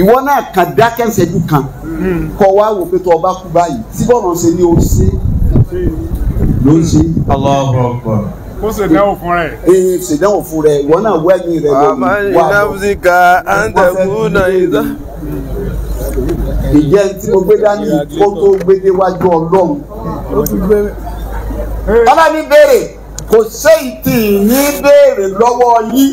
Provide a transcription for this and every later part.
ìwọ náà kàn dákẹ́ ìṣẹ́jú kan hmm. kọ́ wá wò pé tó ọba kú báyìí síbọ̀nà ṣe ni o ṣe ló ń ṣe. kó ṣèdánwò fún rẹ. ee eh, ṣèdánwò fún rẹ ìwọ náà wẹ́ẹ̀mí rẹ lórí wà lọ. àmọ́ ìnáfíkà àǹtẹ̀kùn náà ìdá. ìjẹ́ tí mo gbé dání kó tó gbé déwájú ọlọ́run. ọlọ́run ní béèrè kò séyìí tì ní béèrè lọ́wọ́ yìí.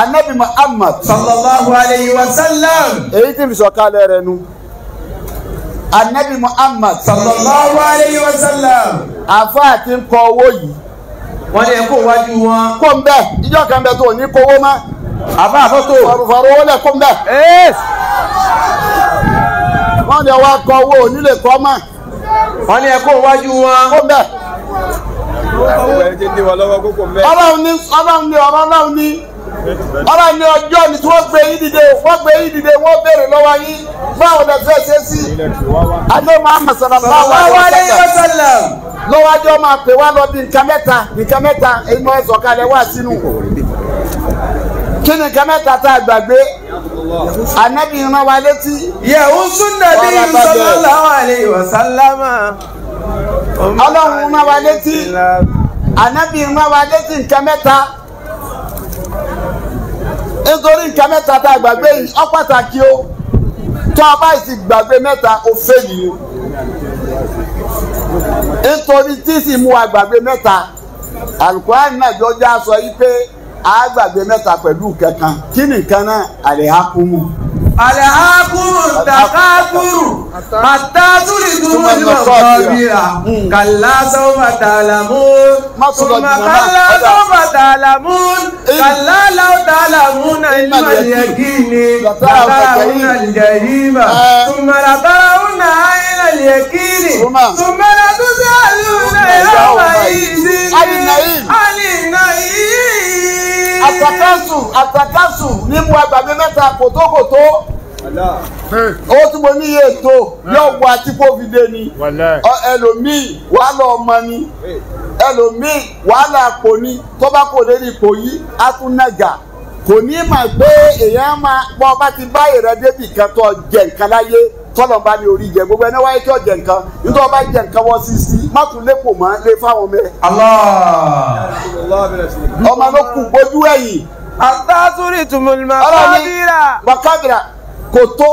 anabi muhammad. sallallahu alayhi wa sallam. èyí tí ìfisọ̀kalẹ̀ rẹ̀ nu. anabi muhammad. sallallahu alayhi wa sallam. àfáà ti ń kọ owó yìí. wọ́n lè kó wájú wọn. kó n bẹ́ẹ̀ ìjọ kan bẹ tó ní kówó mọ́. àbá àfọ́tò. farufaru wọlé kó n bẹ́ẹ̀. wọ́n lè wá kọ owó onílé kọ́ mọ́. wọ́n lè kó wájú wọn. kó n bẹ́ẹ̀. ọlọ́run ní ọlọ́run ní ọlọ́run ní ọjọ́ ni tí wọ́n gbé yín dìde wọ́n gbé yín dìde wọ́n béèrè lọ́wọ́ yín báwo lè fẹ́ ṣe sí adé muhammed sallallahu alayhi wa sallam lọ́wọ́ adé ọmọ àpè wa lọ bí nǹkan mẹ́ta nǹkan mẹ́ta inú ẹ̀ sọ̀kalẹ̀ wá sínú kí ni nǹkan mẹ́ta tá a gbàgbé anabi ìran wa létí. yẹ̀wù súnàbí sallallahu ọlọ́run ìran wa létí anabi ìran wa létí nǹkan mẹ́ta nítorí nǹkan mẹ́ta tá a gbàgbé yìí ọ́ pàtàkì o tó a bá sì gbàgbé mẹ́ta o fẹ́ nìyí nítorí tí sì mú wa gbàgbé mẹ́ta alukóhánì náà jọ já sọ yìí pé a gbàgbé mẹ́ta pẹ̀lú kankan kí nìkan náà àlẹ́ hákùmù. àlẹ́ hákùmù tàkàkùrù bàtà túlì túmọ̀ ní ọ̀pọ̀ bíra kàlá sọ́wọ́ tààlàmú tùmọ̀ kàlá sọ́wọ́ tààlàmú kàlá láwọ́ tààlàmú náà ní ìmọ̀lẹ̀ Suma ni bàtà àwọn àlìjẹ̀ yìí mà tùmọ̀ làbára wọn náà ayé lálẹ́ kí Atakasu. tùmọ̀ làtúnṣe àlùfẹ́ ẹ̀rọ ni àlìnà yìí. àtàkásù àtàkásù owó tí mo ní yé ètò yóò wá tí kò fi dé ni ẹlòmíì wàhálà ọmọ ni ẹlòmíì wàhálà àpò ni tó bá kò dé ní ipò yìí á tún nàgà kò ní mà gbé èèyàn máa bọ́ ọba ti bá ìrẹ́ débi kan tó jẹ nǹkan láyé tọ́lọ̀ bá ní orí jẹ gbogbo ẹni wáyé kí ọ̀jẹ̀ nǹkan nítorí ọba jẹ nǹkan wọ́n sí sí má tún lé kò mọ́ lé fáwọn ọmọ ẹ. ọmọ ló kù gbójú ẹ̀yìn. àtàtúrì tùmùlùmọ̀ kọ́bìrà. ọlọ́ni kò tó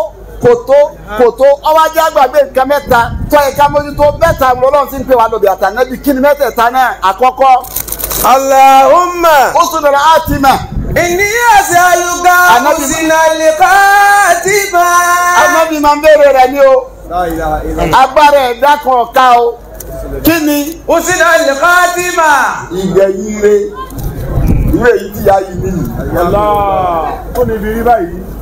kò tó ajé àgbàgbé nǹkan mẹ́ta tó ẹ̀ka mójútó mẹ́ta mọ́ lọ́run ń pè wá lóbi àtànábì kí ni mẹ́tẹ̀ẹ̀ta náà àkọ́kọ́. Allahumma. ó sùn lọ́rọ̀ àtìmá. Inni as'aluka husnal khatima. Ànábì máa ń bèrè rẹ̀ ni o. Agbára ẹ̀dá kan ọ̀ka o. Kí ni? Husnal khatima. Ìgbẹ̀yìn re. Ìwé yìí ti yá yìí nìyí. Tó níbi rí báyìí.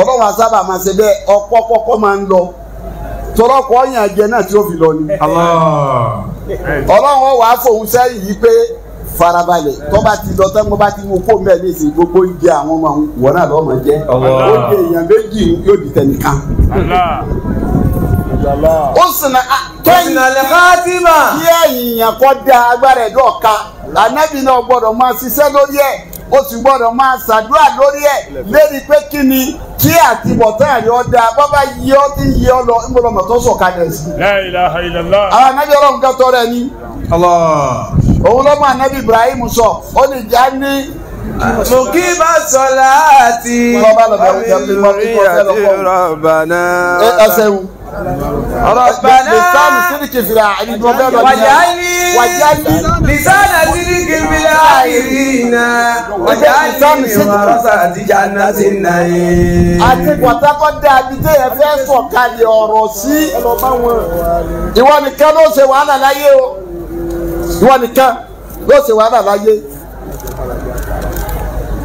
ọlọ́run asaba máa ṣe bẹ́ẹ̀ ọ̀pọ̀ kọ́kọ́ máa ń lọ tọrọ kọ ọyàn àjẹ náà tí ó fi lọ ni. ọlọ́run ọwọ́ àfọ̀hún sẹ́yìn yìí pé farabalẹ̀ tó bá ti lọ tán bá ti wo kó mẹ́ẹ̀ gbogbo oúnjẹ àwọn ọmọ wọn náà lọ́ọ́ jẹ́ èèyàn méjì yóò di tẹnìkan. ó kẹ́yìn kí ẹ̀yìn kọ́ da agbára máa o sì gbọ́dọ̀ máa ṣàdúrà lórí ẹ̀ lérí pé kí ni kí àti bọ̀tán rẹ̀ ọ da bàbá yí ọ ti yí ọ lọ níbo lọmọ tó sọ̀kalẹ̀ sí. La ilaha ọlọ́run kan tọrọ ẹ ní. òun ló mọ Ibrahim sọ ó lè já ní. Mùkí bá sọ̀lá àti. Bọ́lá bá lọ bẹ̀rẹ̀ jẹ́ pé mọ́tò kọ́ fẹ́ lọ́kọ́. Ẹ̀ẹ́dẹ́sẹ̀ wù. ربنا لسان صدق في الآخرين واجعلني لسان صدق في الآخرين واجعلني ورثة جنة النعيم. àti pàtàkọ́ dàbí tẹ́ ẹ fẹ́ sọ̀kalẹ̀ ọ̀rọ̀ sí ìwọ nìkan ló ṣe wàhálà láyé o ìwọ nìkan ló ṣe wàhálà láyé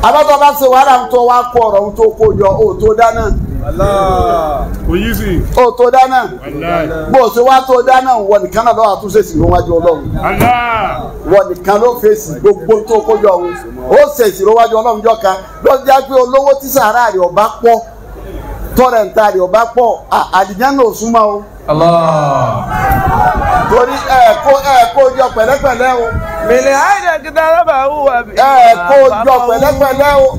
abátọ́ bá ṣe wàhálà ń tọ́ wá kó ọ̀rọ̀ ń tó kó yọ ó tó dáná kò yí sí. o tó dáná bó o ṣe wá tó dáná wọ nìkan náà lọ́wọ́ àtúnṣe sí níwájú ọlọ́run wọ nìkan ló fèsì gbogbo tó kójọ òun ó ṣèṣì níwájú ọlọ́run jọ́ka lọ́jọ́ já pé olówó tí sàárà rẹ̀ ọba pọ̀ tọrẹ nta rẹ̀ ọba pọ̀ àdìjánà ò súnmọ́ o. torí ẹ kó ẹ kó jọ pẹ̀lẹ́pẹ̀lẹ́ o. mìlẹ̀ àìdẹ̀ kìtà rẹ̀ bá wù wá bí. ẹ kó jọ pẹ̀lẹ́pẹ̀lẹ́ o.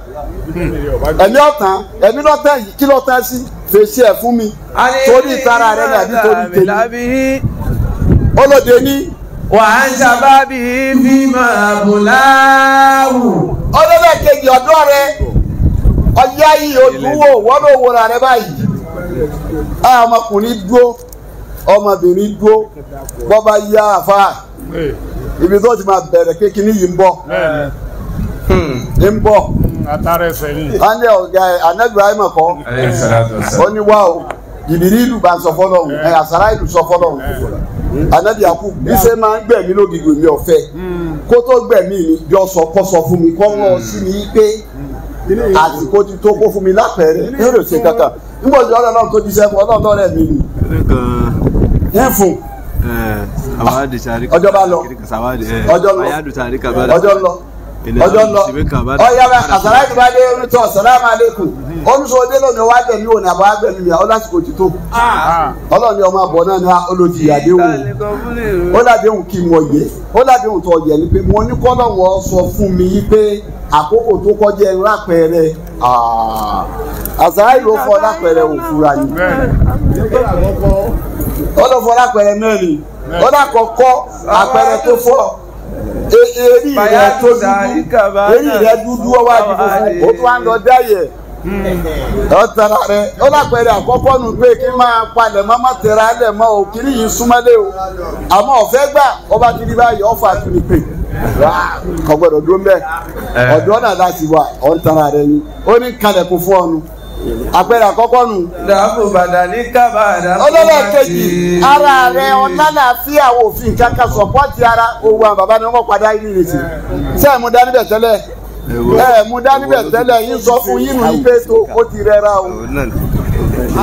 Hmm. ẹ̀mí ọ̀tàn ẹ̀mí lọ́tàn yìí kí lọ́tàn sí fèsì ẹ̀ fún mi torí ìtara rẹ làbí torí tèmi olóde ní. wà á ń sábàbí bímọ àbùláwù. ọlọ́dẹ kejì ọ̀dọ́ rẹ ọjà yìí olúwo wọ́n ló wọra rẹ báyìí ọmọkùnrin dúró ọmọbìnrin dúró bọ́ba yá àfa ibi tó ti máa bẹ̀rẹ̀ kékeré yìí ń bọ̀ ń bọ̀ atara ẹsẹ̀ ni. wọ́n jẹ́ ọ̀gá anagbèrèmọ̀ kọ́ ọ ní wá o jìbìrì ìlú bá ń sọ fọ́lọ́ ẹ̀ eh. eh, àsàrà ìlú sọ fọ́lọ́ anabi akú bísẹ̀ máa ń gbẹ̀mí lógìgbè mi ọ̀fẹ́ hmm. kó tó gbẹ̀mí mi yọ sọ kọ́ sọ fún mi kọ́ wọ́n sí mi hmm. pé àsìkò ti tó kó fún mi lápẹ̀rẹ̀ yóò lè ṣe kankan nígbà tí ọlọ́run tó di sẹ́fún ọlọ́run rẹ̀ mi ni yẹn fún eh, ọjọ́ bá lọ ọjọ́ lọ ọjọ́ lọ ọjọ́ lọ ọyá àsàlá ìdìbò adé onítọ̀ sàlámù aleykum olùsọ òde lónìí wàá gbẹ̀mí òní àbọ̀ wàá gbẹ̀mí mi àwọn lásìkò ti tó ah. ọlọ́ọ̀ni ọmọ àbọ̀ náà ni olójì àdéhùn ó làdéhùn kí mo yẹ ó làdéhùn tó yẹ ni pé mo ní kọ́lọ́wọ́ sọ fún mi yí pé àkókò tó kọjá ẹnu lápẹẹrẹ ah. àsàlá ìlú fọ lápẹẹrẹ òfurà ni ó lọ fọ lápẹẹrẹ náà ni ó lọ kọ́kọ́ àpẹẹrẹ tó fọ́ eri rẹ tó dúdú eri ya o tún wá lọ dáyẹ ọtara rẹ ó lápẹẹrẹ àkọ́kọ́ nu pé kí n máa palẹ̀ mọ́ mọ́tẹ̀ra lẹ̀ o kiri yìí súnmọ́lé o àmọ́ ọ̀fẹ́ gbà ọba kiri báyìí ọ̀fà kiri pè kò gbọdọ̀ wà rẹ ni ó ní kalẹ̀ kó fún ọ àpẹẹrẹ àkọ́kọ́ nù. dàbò bàdàlí kábà dàbò ọlọ́lọ́kejì ara rẹ ọ̀làlàáfíà òfin kankan sọ̀pọ́tì ara owó àwọn bàbá ni wọ́n padà yìí nìyẹn sẹ́ẹ̀ mú dání bẹ̀ tẹ́lẹ̀ ẹ̀ mú dání bẹ̀ tẹ́lẹ̀ yín sọ fún yín nù ní pé tó o ti rẹ́ra o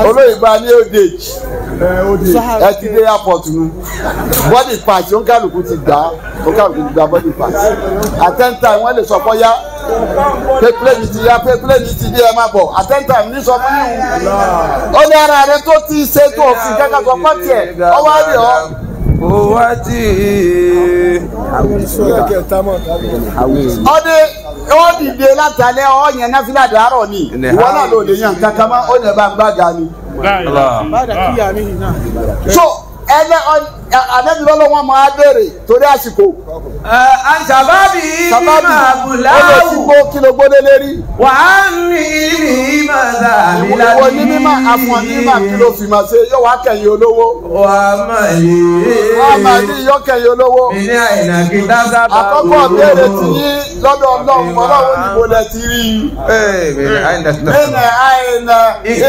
olóyìnbá ní old age ẹ ti dé airport nu body part ó ń kálukú ti gbà ó kálukú ti gbà body part at ten time wọ́n lè sọ pé yá pé plane ti yá pé plane ti dé ẹ má bọ̀ at ten time ní sọ fún yín ó ní ara rẹ tó ti ṣe tó fi kẹ́kẹ́ sọ pọ́ọ̀tì ẹ̀ ọwọ́ rẹ̀ ọ́ ọdẹ ó dìde látàlẹ́ ọ yẹn náfìlà dàárọ̀ ni ìwọ náà ló yàn kankan mọ́ ó bá ń gbàgà ni. so ẹlẹ́ ọ anabi lọ́lọ́ wọn máa béèrè torí àsìkò. àṣàbábì máa bù láwù. ó gbó kí lérí. wà á ní ìlú màdà mi láti. ìwọ ní mímọ àfọ̀n ní mà kí ló fi mà ṣe yóò wá kẹ̀yìn olówó. wà á mà yé. wà á mà ní yóò kẹ̀yìn olówó. mi àyìnà kí dáadáa bá wò. àkọ́kọ́ béèrè ti yín lọ́dọ̀ ọlọ́run ọlọ́run ìbò lẹ ti rí i. ẹnẹ àyìnà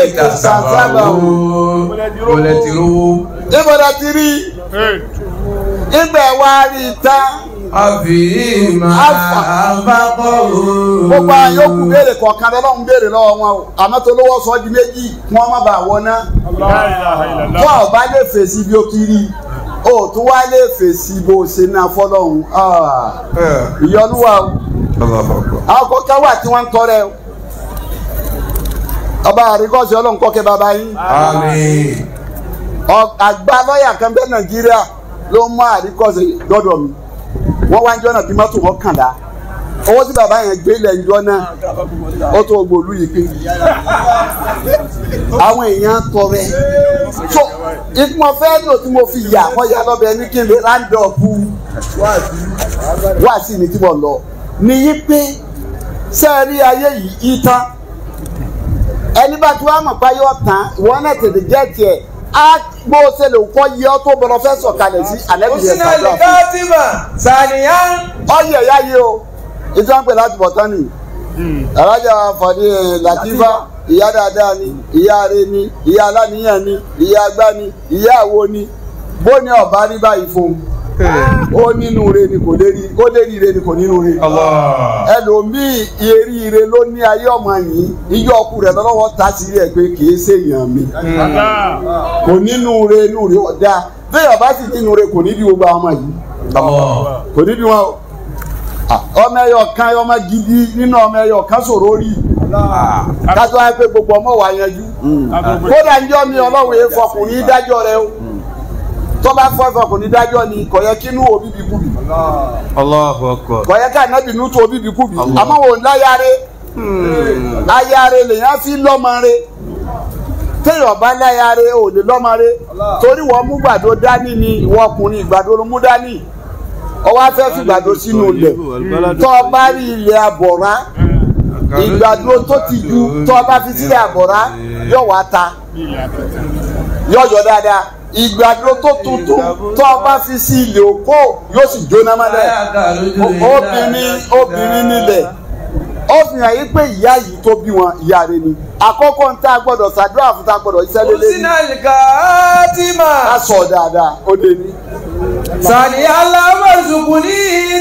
ètò sàtàbà wò. mo lẹ ti rówó. ìbò lẹ ti rí i nígbà wa rí i tán. àfi máa bá bọ̀ o. gbogbo àyè òkú béèrè kọ̀ọ̀kan lọ́wọ́ ń béèrè lọ́wọ́ wọn o àmọ́ tó lówó sọ di méjì kí wọ́n má bàa wọná. wọ́n ò bá lè fèsì bí ó kiri o tó wá lè fèsì bó o ṣe ná fọlọ́hún ah. eh. ìyọlúwa o. àwọn kọ́kẹ́ wà tí wọ́n ń tọrẹ o. ọba àríkọ́sí ọlọ́run bàbá yín. àmín àgbà lọ́ọ̀yà kan bẹ́ẹ̀ nàìjíríà ló mú àríkọ́sẹ̀ dọ́dọ̀ mi wọ́n wá ń jọ́nà bí mọ́tò mọ́kànlá owó tí bàbá yẹn gbé ilẹ̀ ìjọ náà ó tó gbogbo olú yìí pé àwọn èèyàn tọrẹ so ìpínmọ̀ fẹ́ lò tí mo fi yà wọ́n yà lọ́bẹ̀ ní kí n lè ráńdọ̀pù wá sí ni tí mo lọ nìyí pé sẹ́ẹ̀rí ayé yìí ìtàn ẹni bá tí wọ́n á mọ̀ pé ayé ọ̀tàn ìwọ́n náà tètè jẹ́ tiẹ̀ a bó ṣe lè kọ́ yẹ ọ́ tó bọ̀rọ̀ fẹ́ sọ̀kalẹ̀ sí àlẹ́bí yẹn sàdúrà fún. ọyẹ ẹ̀yà yìí o ìtànpẹ̀ láti bọ̀tán ni hmm. alájà fàdí làtífà ìyá dáadáa ni ìyá are ni ìyá aláníyàn ni ìyá agbá ni ìyá àwo ni bó ni ọ̀bá rí báyìí fún un. ó nínú re ni kò lérí ó lérí re ni kò nínú rẹ ẹlòmíì eré ire ló ní ayé ọmọ yìí iyọ ọkù rẹ lọ́wọ́ ta sí rẹ pé mi kò nínú re inú rẹ ọ̀dà bẹ́ẹ̀ bá sì nínú kò ní bí gbogbo ọmọ yìí kò ní bí wọn ọmọ ẹyọ kan gidi nínú ọmọ ẹyọ kan rí wáyé pé gbogbo ọmọ wà yanjú mm. kódà ń jọ́ mi ọlọ́wọ́ dájọ́ rẹ tó bá fọ́ kò ní dájọ́ ni kò yẹ kí inú òbí bí kú bì. kò yẹ ká inú tó lèyàn hmm. fi lọ́mọ téèyàn ọba láyàrá ò lè lọ́mọ torí wọ́n mú dání ni ìwọ ọkùnrin ló mú dání ọwọ́ afẹ́ fi sínú ilẹ̀ tó bá rí ilẹ̀ àbọ̀rá tó ti ta yóò yọ dáadáa. ìgbàdo tó tutù tó a bá fi sí ilé oko yóò sì jóná mọ́lẹ̀ obìnrin obìnrin nílẹ̀ ó fi hàn yí pé ìyá yìí tó bí wọn ìyá rẹ ni àkọ́kọ́ ń tá a gbọ́dọ̀ ṣàdúrà fún tá gbọ́dọ̀ iṣẹ́ lélẹ́yìn. òsínà ìka tí mà. a sọ dáadáa ó lé ní. sani alamọ̀sùnkù ní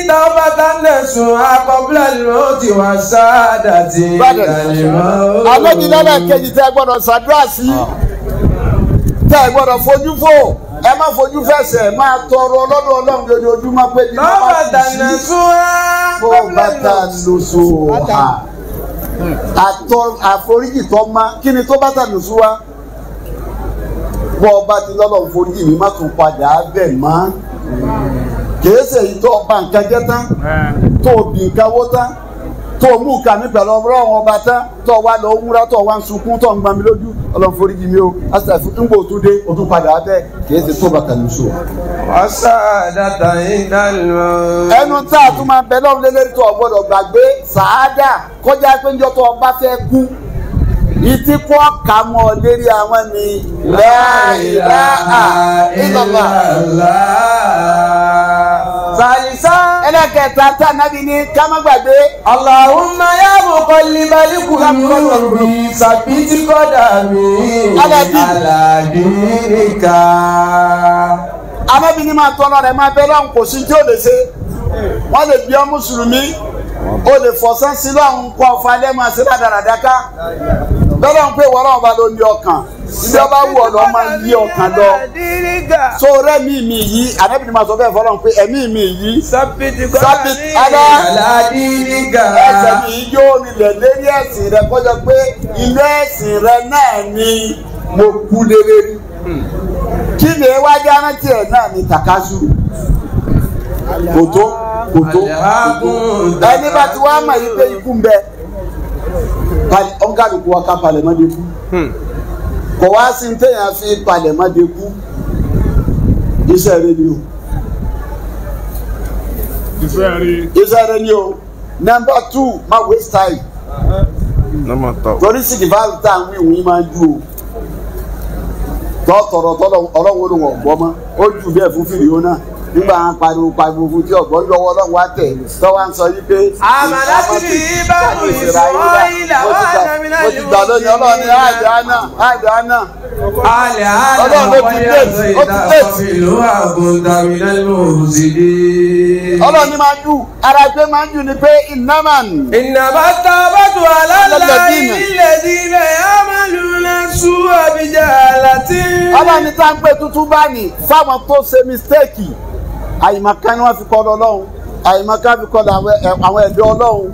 tàbá tánẹ̀sùn akọ́bílẹ̀ ló ti wá sáadà tí ìdánimọ̀. àlejò lọ́dọ̀ kejì tẹ́ gbọ́dọ̀ ṣàdúrà sí ah ẹ gbọ́dọ̀ fojú fò ẹ má fojú fẹsẹ̀ máa tọrọ lọ́dọ̀ Ọlọ́run lójoojúmọ́ pé ní bá bá ti sí bó bá ta lóṣù àforíjì tó má kí ni tó bá ta wa bó ọba ti lọ́lọ́ foríjì mi má tún padà bẹ̀ mọ́ kèése yìí tó ọba nǹkan tán tó obì nǹkan tán tó mú nǹkan mi pẹ̀lú ọlọ́run ọba tán tó wá lọ wúra tó wá ń sunkún tó ń gbọ́n mi lójú ọlọ́run mi o asàfù ń gbò tún dé o tún padà wá bẹ́ẹ̀ kìí ṣe tó bàtà lóṣù. ọ̀sà dàtà iná lọ. ẹnu tá a tún máa bẹ lọ́run lélẹ́rìí tó ọ̀gbọ́dọ̀ gbàgbé sàádà kọjá pé njọ́ tó ọba fẹ́ kú ìtí kọ́ ọ̀ka mọ́ lérí àwọn ni. láìláà ìlọ́lá sàlìsán. ẹlẹ́kẹta tá nàbí ní kámágbàgbé. Allahumma ya muqallibal qulubi sabbit qadami ala dinika. arábìnrin máa tọ́lọ́ rẹ̀ máa bẹ́ẹ̀ lọ́hùn kò sí tí ó lè ṣe wọ́n lè bí ọ mùsùlùmí o lè fọ̀sán sí lọ́hùn kọ́ ma lẹ́ẹ̀ma sí ládàradàká lọ́lọ́hùn pé wọ́n lọ́hùn bá ló ní ọkàn bí wu wù ọ lọ máa lọ so rẹ mi mi yi anabi ni ma sọ bẹ́ẹ̀ fọlọ pé ẹ̀mí mi yí sábìtì ada ẹsẹ̀ mi yóò rilẹ lérí ẹ̀sìn rẹ kọjá pé ilé ẹ̀sìn rẹ náà ni mo kú léré kí ni ewájú arántí ẹ náà ni takazu kòtó kòtó ẹni bá ti wá mọ̀ yí pé ikú ń bẹ ọ̀nkàlùkù wa ká palẹ̀ mọ́ de kú. Hmm kò wá sí téèyàn fi palẹ̀ má de kú iṣẹ́ rẹ ni o. iṣẹ́ rẹ. ni o nọ́mbà tù má waste time. nọ́mbà tọ. torí sìkì báàlù tá à ń wí wí máa ń ju o tọ́ tọ̀rọ̀ tọ́lọ̀ ọlọ́wọ́ ló wọ̀ gbọ́ ó jù bẹ́ẹ̀ fún fìdíò náà nígbà wọn pariwo pariwo fún tí ọgbọ́n lọ́wọ́ Ọlọ́run wá tẹ tọwọ sọ yí pé. àmàlà ti fi báwo ìfọwọ́ ilà wà lámìnà yìí mo ti gbà ní àjọ àná alẹ́ àlọ́ wọlé àjọ ìdáwọ́ ìlú àgùntàn mi lẹ́nu òsìdí. Ọlọ́run ní máa jù ara pé máa jù ni pé ìnámàn. ìnàbà tá a bá tún àlàlà ilẹ̀ dínà àmàlù náà sùn àbíjà àlàtí. Ọlọ́run tá ń pè tuntun bá ní fáwọn tó ṣe mistéèkì àyìnmọ̀ká ni wọ́n fi kọ́ ọlọ́run àyìnmọ̀ká fi kọ́ àwọn eh, ẹ̀dọ́ ọlọ́run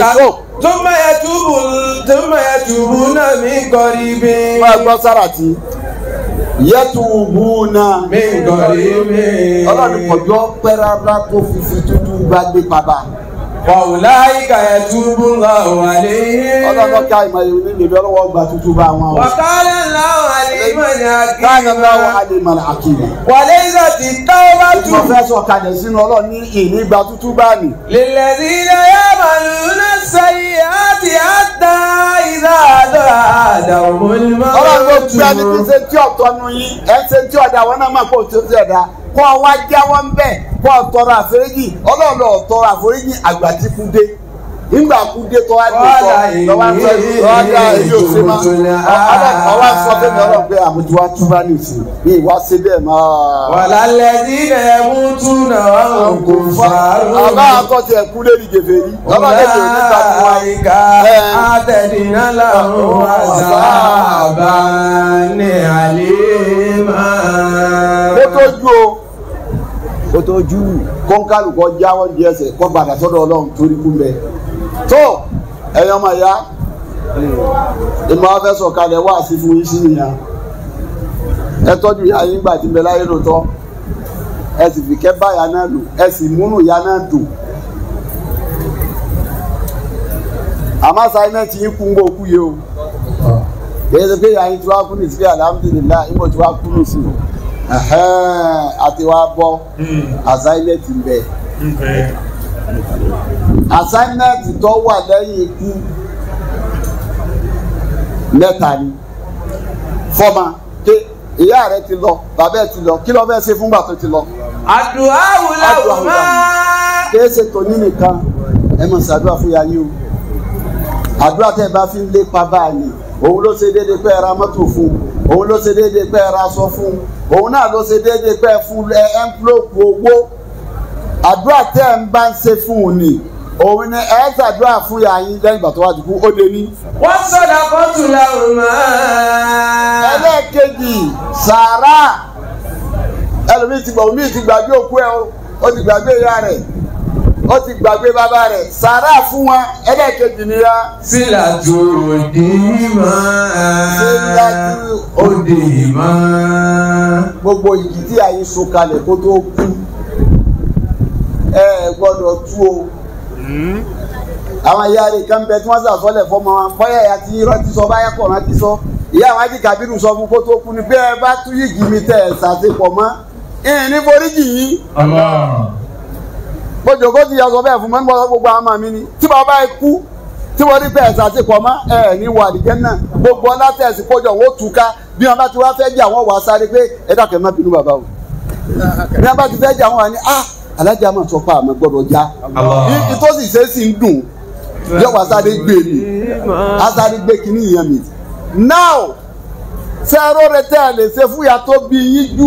ìṣó. túmọ̀ yẹ túbù túmọ̀ yẹ túbù náà mi kọ́rí bí. wọ́n á gbọ́ sára tí yẹtùbù náà mi kọ́rí bí. ọlọ́run kọjọ́ pẹ́ rárá tó fi fi tútù gbàgbé bàbá. Wàhùláìkà ẹ̀túbù lọ́wọ́ àlè. Ọlọ́dọ̀ ká ìmọ̀ ìwé níbi ọlọ́wọ́ gba tútù bá wọn. Wàkálẹ̀ láwọn àlèmọ̀ ní àkíyà. Káàkiri láwọn àlèmọ̀ ní àkíyà. Wàlẹ́ ìzọ̀ ti tọ́ bá tù. Mo fẹ́ sọ kalẹ̀ sínú ọlọ́ọ̀ ní ìní gba tútù bá nì. Lílẹ̀ sí ilẹ̀ yá màlúù náà sẹ́yìn àti àtà ìlà àdọ́ra àdàwọ̀ mọ́lẹ́mọ́. Ọlọ́run ló tún ẹni tí ń ṣe tí ọ̀tọ̀ nu yín, ẹ ń ṣe tí ọ̀dà wọn náà máa pọ̀ tó ti ọ̀dà. Kọ́ wa jáwọ́ ń bẹ̀ kó àtọrọ àforíjì ọlọ́ọ̀lọ́ ọ̀tọrọ àforíjì àgbà tí kú dé nígbà kú dé tó wá dé sọ lọ́wọ́ sọ lọ́wọ́ èyí ò sí ma ọwọ́ sọ ah. pé lọ́rọ̀ pé àmójú wa túbá ní ìsìn bí ìwà ṣe bẹ́ẹ̀ mọ́. wàlá lẹ́ni ilẹ̀ mú túnà ọ̀hún kò fàárọ̀. àbá àtọ́jú ẹ̀kú lórí gèfè yìí lọ́wọ́ lẹ́ni ìlú ta fún wa. ìka àtẹ̀dínà làwọn àṣà àbá ní àlè máa. lẹ́tọ́jú o ó tó jù kọ́ńkálùkọ́ jáwọ́ di ẹsẹ̀ kọ́ gbàdá sọ́dọ̀ ọlọ́run torí kú bẹ́ẹ̀ tó ẹ̀yọ́ máa yá ìmọ̀ afẹ́sọ̀ kalẹ̀ wá sí fún yín sí nìyẹn ẹ tọ́jú ìyá yín gbà tí ń bẹ láyé lóòótọ́ ẹ sì fi kẹ́ báyà náà lò ẹ sì múnú ìyá náà dùn àmọ́ sáyẹ́ǹtì yín kú ń gbó kú yé o ah. kì í ṣe pé ìyá tí wàá kú nìsí pé àlàáfíà nìlá ìmọ̀ tí wàá kú nìsí o àti wá bọ́ hmm. assignment ń bẹ assignment tó wà lẹ́yìn ikú mẹ́ta ni fọ́mà ké ìyá rẹ ti lọ bàbá ẹ ti lọ kí ló fẹ́ ṣe fúngbà tó ti lọ. àdúrà wùlà wùmá. kìí ṣe tòní nìkan ẹ mọ̀ ṣàdúrà fún yayé o àdúrà tẹ́ ẹ bá fi ń lépa báyìí òun ló ṣe déédéé pé ẹ ra mọ́tò fún òun ló ṣe déédéé pé ẹ ra aṣọ fún òun náà ló ṣe déédéé pé fún owó àdúrà tẹ́ ẹ̀ ń bá ń ṣe fún un ni òun ni ẹ ṣàdúrà fún ìyá yín lẹ́yìn ìgbà tó ó lé ní. wọ́n sọ̀dà kọ́tù làwọn máa. ẹlẹ́ẹ̀kejì sàárà ẹlòmíì ti gbàgbé o ti gbàgbé ìyá rẹ̀. ó ti gbàgbé bàbá rẹ̀ sàrà fún wọn ẹlẹ́ẹ̀kejì ni ya. sílà tó òde mọ́ sílà tó òde mọ́. gbogbo ìdí tí ayé so kalẹ̀ kó tó kú ẹ gbọ́dọ̀ tú o hmm? àwọn ìyá kan bẹ tí wọ́n sàfọ́lẹ̀ fọmọ wọn fọ́yà ìyá tí rántí sọ báyà kọ̀ rántí sọ ìyá àwọn ají kabiru sọ fún kó tó kú ni bí ẹ bá tú yìí jì mí tẹ̀ ẹ̀ sàṣepọ̀ mọ́ ẹ̀ ní foríjì yìí bójú kó ti yà sọ bẹ́ẹ̀ fún mi ń bọ́ gbogbo àmà mi ni tí bàbá ẹ kú tí wọ́n rí pé ẹ̀sà ti pọ̀ mọ́ ẹ̀ ní wà nìkẹ́ náà gbogbo ọlá tẹ̀sí kójọ wọ́n tú ká bí wọn bá ti wá fẹ́ jà wọ́n wà sáré pé ẹ dákẹ́ má bínú bàbá o bí wọn bá ti fẹ́ jà wọ́n wà ní ah alájà máa sọ pa àmọ́ gbọ́dọ̀ já ìtòsí ṣe sì ń dùn yọ wà sáré gbé mi asáré gbé kinní ìyẹn mi now sẹ́rọ̀ rẹ tẹ́ ẹ lè ṣe fúyà tó bí yín jù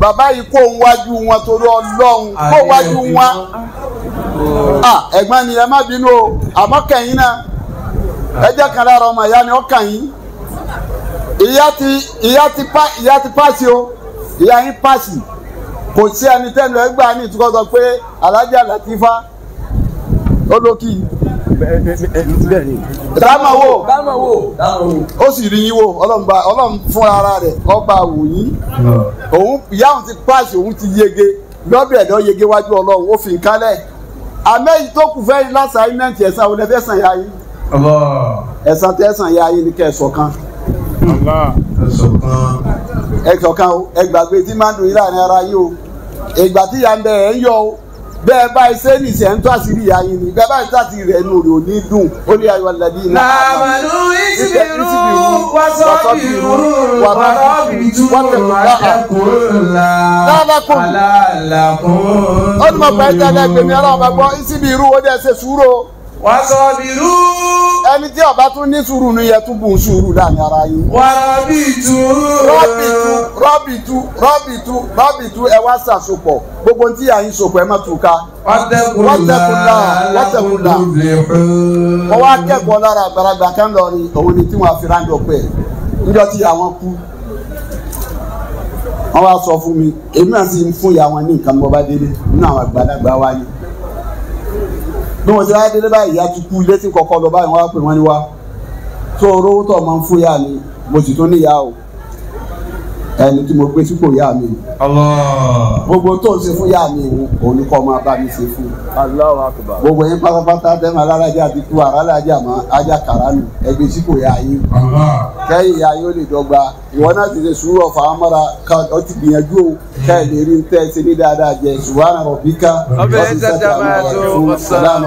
bàbá yìí kó wájú wọn torí ọlọ́run kó wájú wọn ẹ̀gbọ́n mi ẹ má bínú o àmọ́ kẹ̀yìn náà ẹ jẹ́ kan lára ọmọ ìyá ni ó kẹ̀yìn ìyá ìyá ti pa ìyá ti pàṣẹ o ìyá yín pàṣẹ kò sí ẹni tẹ́nu ẹ gbà ní ìtukọ̀ sọ pé alájà Latifa ó lókì yìí. bẹ́ẹ̀ni. dáàmà wo dáàmà wo ó sì rí yín wo ọlọ́mùbá ọlọ́mù fúnra ara rẹ̀ ọba wò yín òun ìyá òun ti páàsì òun ti yege lọ́dọ̀ ẹ̀dọ́ yege wájú ọlọ́run ó fi ń kálẹ̀ àmẹ́yìn tó kù fẹ́ẹ́ láti àyínmẹ́ǹtì ẹ̀sán àwọn ẹ̀fẹ́ sàn yá yín ẹ̀sán tẹ́ sàn yá yín ní kẹ́ kan kan ẹ̀gbàgbé tí máa ń dùn yín láàrin ara yín o tí ń ẹ̀ ń yọ o. bẹ́ẹ̀ báyìí sẹ́ni ṣe ń tó àṣírí ìyá yín ni bẹ́ẹ̀ báyìí sáà ti rẹ̀ nù rẹ̀ ò ní dùn ó lè ayọ̀ lẹ́bí iná. làmàlú ìsìbìrú wàsọ́bìrú wàrọ́bìtú àdàkùnlá àlàkùn. ó ní mo fẹ́ jẹ́ ẹgbẹ̀mí ọlọ́run bá gbọ́ ìsìbìrú ó dẹ̀ ṣe sùúrù wà sọ bìrú. ẹni tí ọba tún ní sùúrù ní yẹ tún bù sùúrù láàrin ara yín. rọ́bì tu. rọ́bì tu rọ́bì tu rọ́bì tu rọ́bì tu ẹ wá sàsopọ̀ gbogbo tí à ń sopọ̀ ẹ má tu ká. wọ́tẹ̀kùnlá wọ́tẹ̀kùnlá wọ́n wá kẹ́kọ̀ọ́ lára àgbàlagbà kan lọ ni òun ni tí wọ́n á fi ráńdọ̀ pẹ̀ níjọ́ tí àwọn kú wọ́n wá sọ fún mi èmi náà sì fún ìyá wọn ní nǹkan bọ́bá délé nínú àwọn àgbàlagbà wa bí wọ́n ti wá délé báyìí ìyá ti kú ilé tí kọ̀ọ̀kan lọ báyìí wọ́n á pè wọ́n ní wá tó orówó tó ọmọ ń fún yá ni mo sì tó níyà ẹni tí mo gbé sípò ìyá mi gbogbo tó ń ṣe fún ìyá mi máa bá mi ṣe fún gbogbo yín pátápátá dẹ́mu alárajà àti tú alárajà mọ́ ajakara nù ẹgbẹ́ sípò ìyá yín kẹ́yìn ìyá yín lè dọ́gba ìwọ náà ti ṣe sùúrù ọ̀fà amára ká ọ ti gbìyànjú o kẹ́yìn lè rí tẹ́ ṣe ní dáadáa jẹ subhana rabbika ọ̀sìn sẹ́ta máa tó ọ̀sán